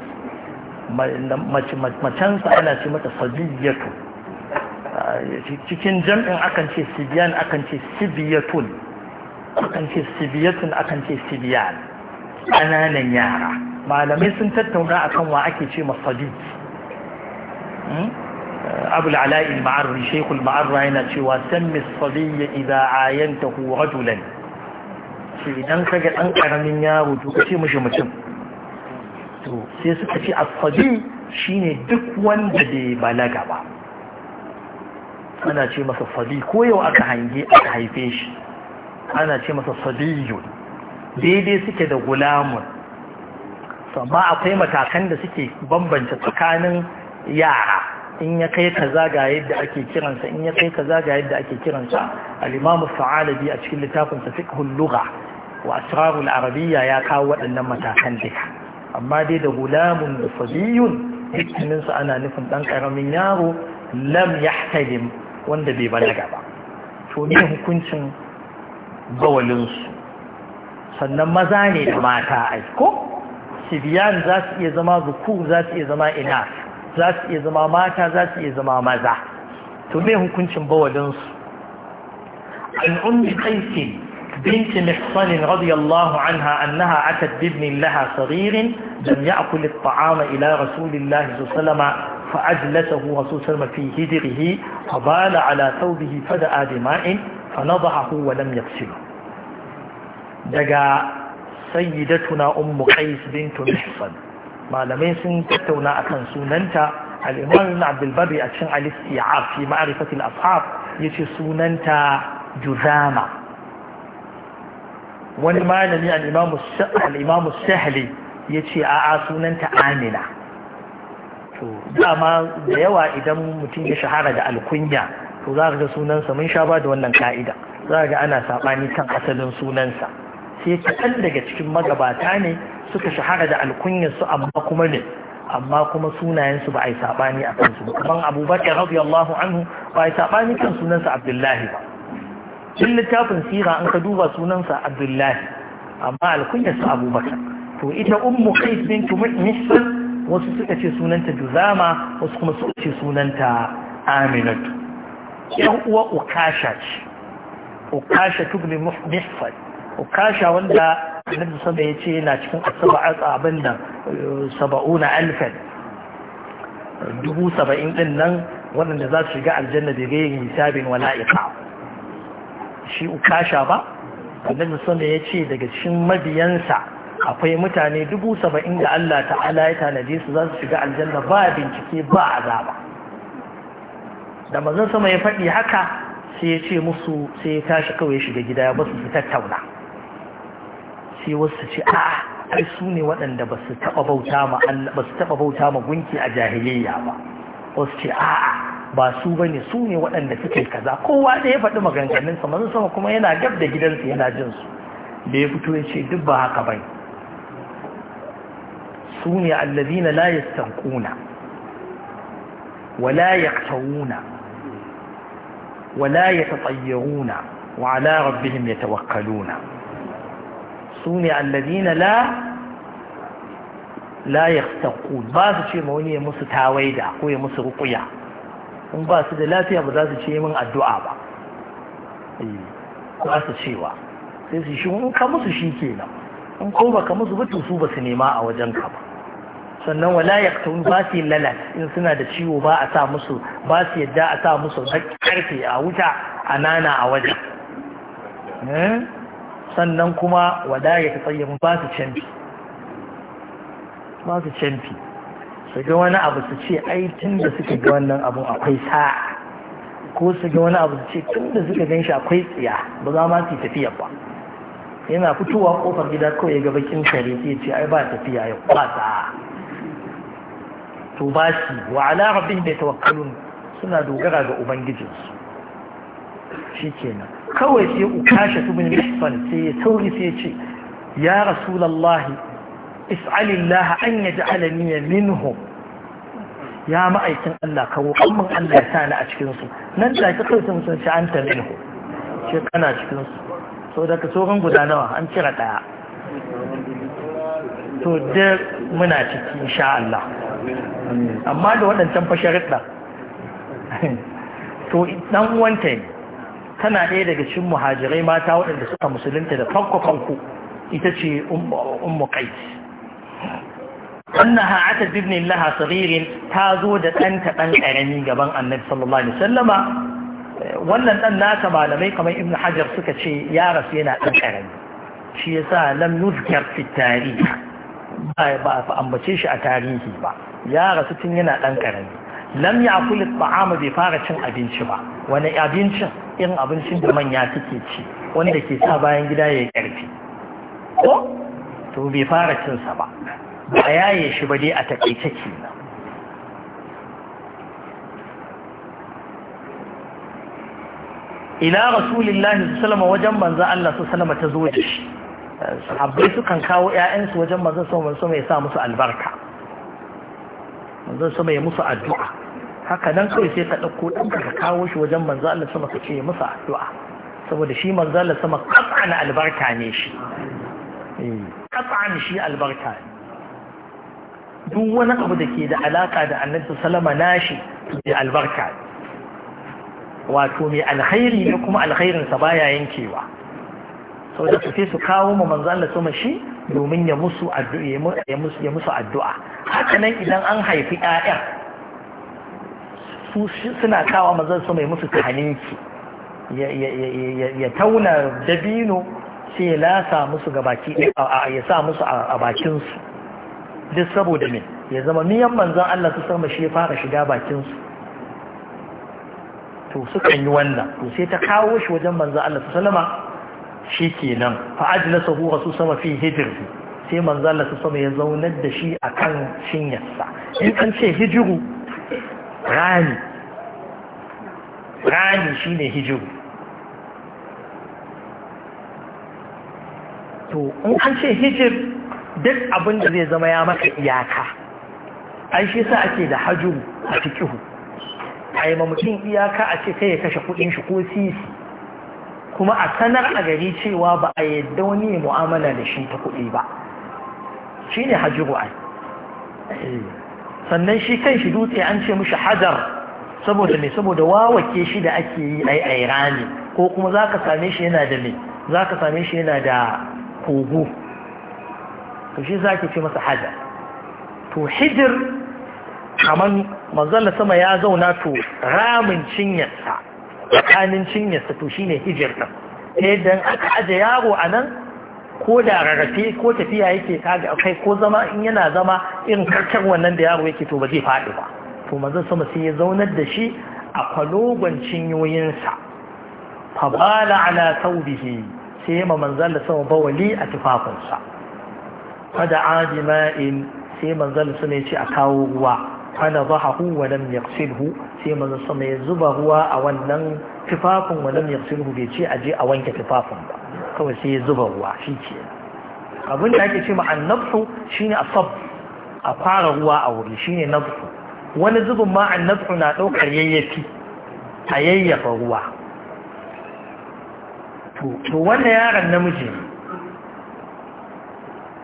[SPEAKER 1] macensa ana ce mata sabiyatu cikin jam'in akan ce sibiyan akan ce sibiyatun akan ce sibiyatun akan ce sibiyan ƙananan yara malamai sun tattauna akan wa ake ce masabi أبو العلاء المعري شيخ المعري هنا شوى سمي الصبي إذا عاينته رجلا ce idan kage ga ɗan ƙaramin yaro to kace mishi mutum to sai suka ce asfabi shine duk wanda bai balaga ba ana ce masa fadi ko yau aka hange aka haife shi ana ce masa sabiyun daidai suke da gulamun amma akwai matakan da suke bambanta tsakanin yara in ya kai kaza ga yadda ake kiransa in ya kai kaza ga yadda ake kiransa al-imamu sa'alabi a cikin littafinsa sa fiqhul wa asrarul Arabiya ya kawo waɗannan matakan duka amma dai da gulamun da sabiyun dukkaninsu ana nufin ɗan ƙaramin yaro lam ya yahtalim wanda bai balaga ba to ne hukuncin bawalin sannan maza ne da mata aiko? ko sibiyan za su iya zama zuku za su iya zama ina za su iya zama mata za su iya zama maza to ne hukuncin bawalin an ummi ƙaifin? بنت محصن رضي الله عنها أنها أتت بابن لها صغير لم يأكل الطعام إلى رسول الله صلى الله عليه وسلم فأجلسه رسول صلى الله عليه وسلم في هدره فبال على ثوبه فدأ دماء فنضحه ولم يغسله دقى سيدتنا أم قيس بنت محصن ما لم يسن تتونا أكن سننتا الإمام ابن عبد البر أشن على الاستيعاب في معرفة الأصحاب يتي سننتا جذامة wani malami al'imamu sahali ya ce a'a sunanta amina to dama da yawa idan mutum ya shahara da alkunya to za ga sunansa mun sha ba da wannan ka'ida za ga ana sabani kan asalin sunansa sai kaɗan daga cikin magabata ne suka shahara da alkunyarsu amma kuma ne amma kuma sunayensu ba a yi saɓani a kansu kamar abubakar radiyallahu anhu ba a yi saɓani kan sunansa abdullahi ba in littafin sira an ka duba sunansa abdullahi amma alkunyarsa abubakar to ita ummu qais bintu mihsan wasu suka ce sunanta juzama wasu kuma suka ce sunanta aminatu yan uwa ukasha ce ukasha tubni mihsan ukasha wanda annabi sama ya ce yana cikin asaba tsabin da saba'una alfan dubu saba'in din nan waɗanda za su shiga aljanna da gayin hisabin wala'iqa shi ukasha ba annabi sama ya ce daga cikin mabiyansa akwai mutane dubu saba'in da Allah ta'ala ya tanaje su za su shiga aljanna ba bincike ba azaba da mazan sama ya faɗi haka sai ya ce musu sai ya tashi kawai shiga gida ya basu su tattauna sai wasu ce a ai su ne waɗanda ba su taɓa bauta ma gunki a jahiliya ba wasu ce a'a ba su ba ne su ne waɗanda suke kaza kowa da ya faɗi maganganunsa manzon sama kuma yana gab da gidansa yana jin su da ya fito ya ce duk ba haka bai su ne allazina la yastankuna wala yaktawuna wala yatatayyaruna wa ala rabbihim yatawakkaluna su ne allazina la la yastankun ba su ce ma wani ya musu tawaida ko ya musu rukuya in ba su da lafiya ba za su ce min addu'a ba ba eh, su cewa sai su shi in ka musu shi ke nan, in ko ba ka musu ba to su ba su nema a wajen ka ba sannan wala ya ta ba su lalat in suna da ciwo ba a sa musu ba su yadda a sa musu karfe a wuta a nana a wajen eh? sannan kuma wala ya tsayyama ba su canfi ba su canfi su ga wani abu su ce ai tun da suka ga wannan abun akwai sa'a ko su ga wani abu su ce tun da suka gan shi akwai tsiya ba za ma su tafiya ba yana fitowa kofar gida kawai ga bakin kare sai ce ai ba tafiya ya kwasa to ba shi wa ala rabbihim yatawakkalun suna dogara ga ubangijinsu shikenan kawai sai ukasha tubin mihsan sai ya tauri sai ya ce ya rasulullahi is'alillah an yaj'alani minhum ya ma'aikin Allah ka roƙon Allah ya sani a cikin su nan da ka kai sun ci an tare ne ce kana cikin su sau da ka sauran guda nawa an cire daya to da muna ciki insha Allah amma da waɗancan fasharit to dan wanta ne tana ɗaya daga cikin muhajirai mata waɗanda suka musulunta da farko farko ita ce ummu qais أنها عتت Laha Saririn ta zo da أن ɗan ƙarami gaban صلى الله wannan ɗan naka malamai kamar ibn hajar suka ce ya rasu yana ɗan ƙarami shi ya sa lam yuzkar fi tarihi ba a ambace shi a tarihi ba ya rasu tun yana ɗan ƙarami lam ya kuli ta'ama bai fara cin abinci ba wani abincin irin abincin da manya suke ci wanda ke sa bayan gida ya yi ƙarfi ko to bai fara cinsa ba ba a yaye shi ba dai a taƙaice ke ila rasulillahi sallama wajen manzan Allah su sallama ta zo da shi sahabbai sukan kawo 'ya'yansu wajen manzan sama sama ya sa musu albarka manzan sama ya musu addu'a haka nan kawai sai ka ɗauko ɗan ka kawo shi wajen manzan Allah sama ka ce ya musu addu'a saboda shi manzan Allah sama katsa na albarka ne shi hmm. katsa shi albarka ne duk wani abu da ke da alaka da annabi salama nashi da albarka wato mai alkhairi ne kuma alhairin sa baya yankewa sau da sai su kawo mu manzan da sama shi domin ya musu addu'a ya haka nan idan an haifi ƴaƴa suna kawo manzo sama ya musu tahaninki ya tauna dabino sai ya lasa musu ga baki ya sa musu a bakinsu duk saboda me ya zama miyan manzan Allah su sama shi ya fara shiga bakinsu to sukan yi wannan to sai ta kawo shi wajen manzan Allah su salama shi ke nan. fa'aj na sahu wasu sama fi hijirfi sai manzan Allah su sama ya zaunar da shi a kan shinyarsa in an ce hijiru rani rani shi ne hijiru to in an ce hijir duk abin da zai zama ya maka iyaka an shi sa ake da hajju a fikihu a yi mutum iyaka a ce kai ya kashe kudin shi ko sisi kuma a sanar a gari cewa ba a yadda wani ya mu'amala da shi ta kudi ba shi ne hajju ai sannan shi kan shi dutse an ce mushi hajar saboda mai saboda wawake shi da ake yi a irani ko kuma za ka same shi yana da mai za ka same shi yana da kogo to shi zaki ce masa hajar to hijir kamar manzala sama ya zauna to ramin cinyarsa tsakanin cinyarsa to shine hijir din ta yadda aka aje yaro a nan ko da rarrafe ko tafiya yake kaga akai ko zama in yana zama irin karkar wannan da yaro yake to ba zai faɗi ba to manzon sama sai ya zaunar da shi a kwalogon cinyoyinsa fabala ala taubihi sai ma manzon sama bawali a tufafinsa adi ma'in sai manzon suna ya ce a kawo ruwa fana hu wa lam yaqsilhu sai manzon suna ya zuba ruwa a wannan tufafin wa lam yaqsilhu bai ce aje a wanke tufafin ba kawai sai ya zuba ruwa shi ke abin da ake ce ma'an nafsu shine ne a fara ruwa a wuri shine nafsu wani zubin ma'an nafsu na daukar yayyafi a yayyafa ruwa to wannan yaron namiji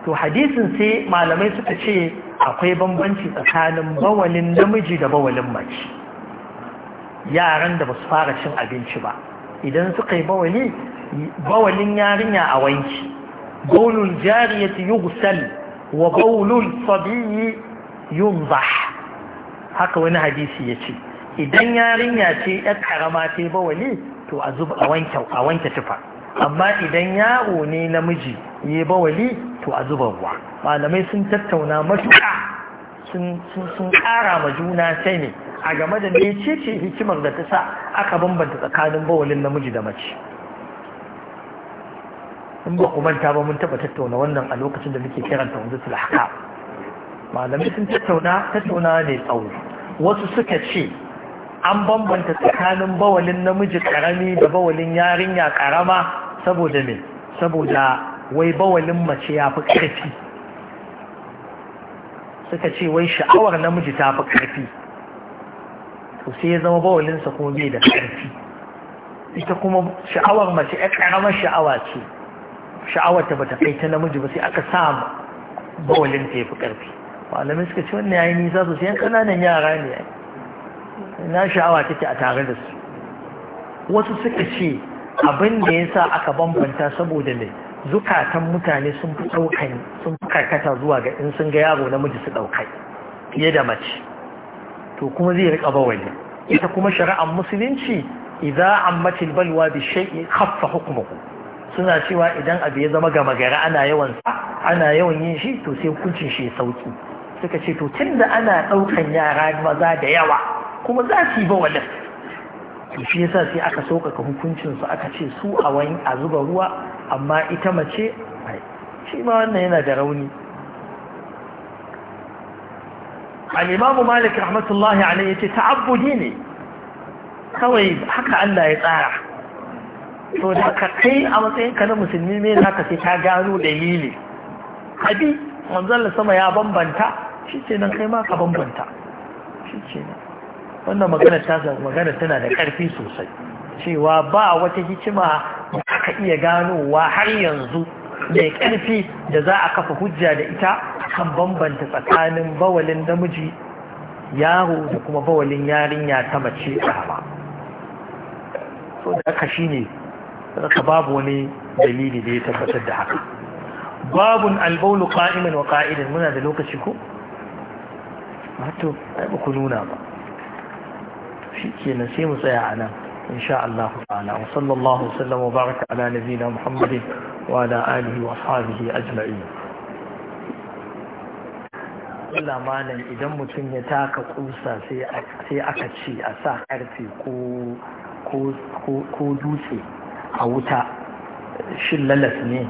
[SPEAKER 1] to hadisin sai malamai suka ce akwai bambanci tsakanin bawalin namiji da bawalin mace yaran da ba su fara cin abinci ba idan suka yi bawali bawalin yarinya a wanki bawlul jariyati yugsal wa bawlul sabiyyi yunzah haka wani hadisi ya ce idan yarinya ce yar karama ta bawali to a wanke tufa amma idan yaro ne namiji ya bawali to a zuba ruwa malamai sun tattauna matuƙa sun ƙara ma juna sai ne a game da ne ce hikimar da ta sa aka bambanta tsakanin bawalin namiji da mace in ba ku manta ba mun taɓa tattauna wannan a lokacin da muke kiranta wanzu haka. malamai sun tattauna tattauna ne tsawo wasu suka ce an bambanta tsakanin bawalin namiji karami da bawalin yarinya karama saboda mai saboda wai bawalin mace ya fi ƙarfi suka ce wai sha'awar namiji ta fi ƙarfi to sai ya zama bawalinsa kuma bai da ƙarfi ita kuma sha'awar mace ya ƙaramar sha'awa ce sha'awar ta bata kai ta namiji ba sai aka samu bawalin ta ya fi ƙarfi malamai suka ce wannan yayi nisa sosai yan ƙananan yara ne na sha'awa take a tare da su wasu suka ce abin da ya sa aka bambanta saboda mai zukatan mutane sun fi ɗaukan sun fi karkata zuwa ga in sun ga yaro namiji su ɗaukai fiye da mace to kuma zai riƙa bawali ita kuma shari'ar musulunci idza ammatil balwa bi shay'in khaffa hukmuhu suna cewa idan abu ya zama gama gari ana yawan ana yawan yin shi to sai hukuncin shi ya sauki suka ce to tunda ana ɗaukan yara maza da yawa kuma za su yi ba wannan. shi yasa sai aka sauƙaƙa su aka ce su a wani a zuba ruwa amma ita mace shi ma wannan yana da rauni al'imamu malik rahmatullahi alaihi yace ce ta'abbudi ne kawai haka Allah ya tsara to da ka kai a matsayinka na musulmi mai za sai ta gano dalili abi manzalla sama ya bambanta shi ce nan kai ma ka bambanta shi ce nan wannan magana ta magana tana da ƙarfi sosai cewa ba wata hikima da aka iya ganowa har yanzu mai ƙarfi da za a kafa hujja da ita kan bambanta tsakanin bawalin namiji yaro da kuma bawalin yarinya ta mace ƙarama so da aka shi ne ka babu wani dalili da ya tabbatar da haka babun albaulu ƙa'imin wa ƙa'idin muna da lokaci ko? wato ai ba ku nuna ba shi ke na sai mu tsaya a nan insha Allah ta'ala wa sallallahu sallam wa baraka ala nabiyina Muhammadin wa ala alihi wa ashabihi ajma'in Allah malam idan mutum ya taka kusa sai aka ce a sa karfe ko dutse a wuta shin lalas ne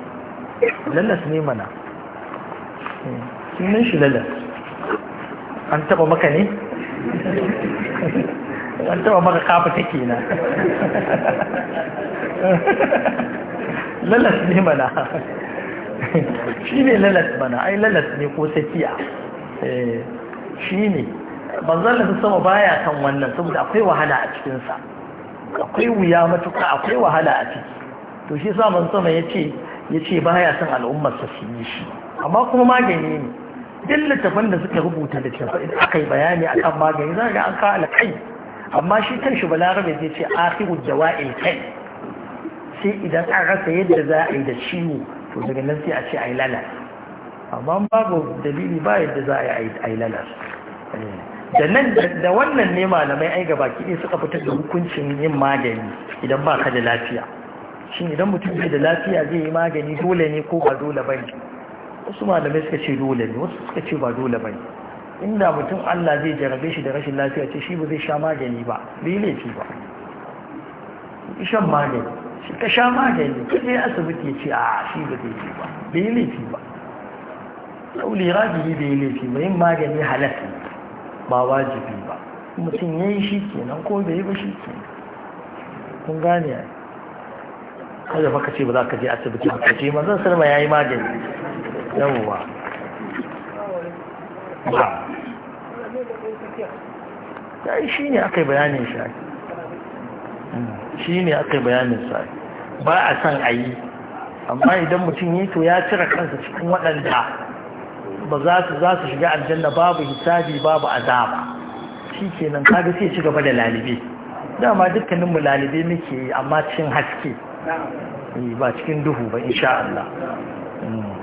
[SPEAKER 1] lalas ne mana hmm, sunan shi lalas an taba maka ne an taba maka kafa ta ke na lalas ne mana shi ne lalas mana ai lalas ne ko safiya. Eh, shi ne banzan da sama baya kan wannan saboda akwai wahala a cikinsa akwai wuya matuka akwai wahala a ciki to shi sa man sama ya ce ya ce baya son al'ummarsa su yi shi amma kuma magani ne duk littafin da suka rubuta da aka yi bayani akan magani za ga an kawo alkai amma shi kan shi balarabe zai ce akhiru dawa'il kai sai idan an rasa yadda za a yi da ciwo to daga nan sai a ce ai lalas amma babu dalili ba yadda za a yi ai lalas eh. da nan da wannan ne malamai ai gabaki ɗaya suka fitar da hukuncin yin magani idan ba ka da lafiya shin idan mutum bai da lafiya zai yi magani dole ne ko ba dole bane wasu malamai suka ce dole ne wasu suka ce ba dole bane inda mutum Allah zai jarabe shi da rashin lafiya ce shi ba zai sha magani ba bai laifi ba shan magani shi ka sha magani ka je asibiti ya ce a shi ba zai ce ba bai laifi ba sauli rajihi bai laifi ba yin magani halatta ba wajibi ba mutum ya yi shi kenan ko bai yi ba shi kenan kun gane ya kada baka ce ba za ka je asibiti ba ka ce manzon sarma ya yi magani yawwa ba Yayi shi ne aka yi bayanin shi shi ne aka yi bayanin sa ba a san a yi amma idan mutum yi to ya cire kansa cikin waɗanda ba za su za su shiga aljanna babu hisabi babu azaba shi ke nan kaga sai ci gaba da lalibe dama dukkanin mu lalibe muke amma cikin haske eh, ba cikin duhu ba insha Allah hmm.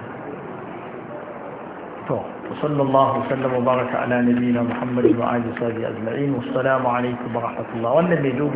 [SPEAKER 1] الدكتور وصلى الله وسلم وبارك على نبينا محمد وعلى اله وصحبه اجمعين والسلام عليكم ورحمه الله والنبي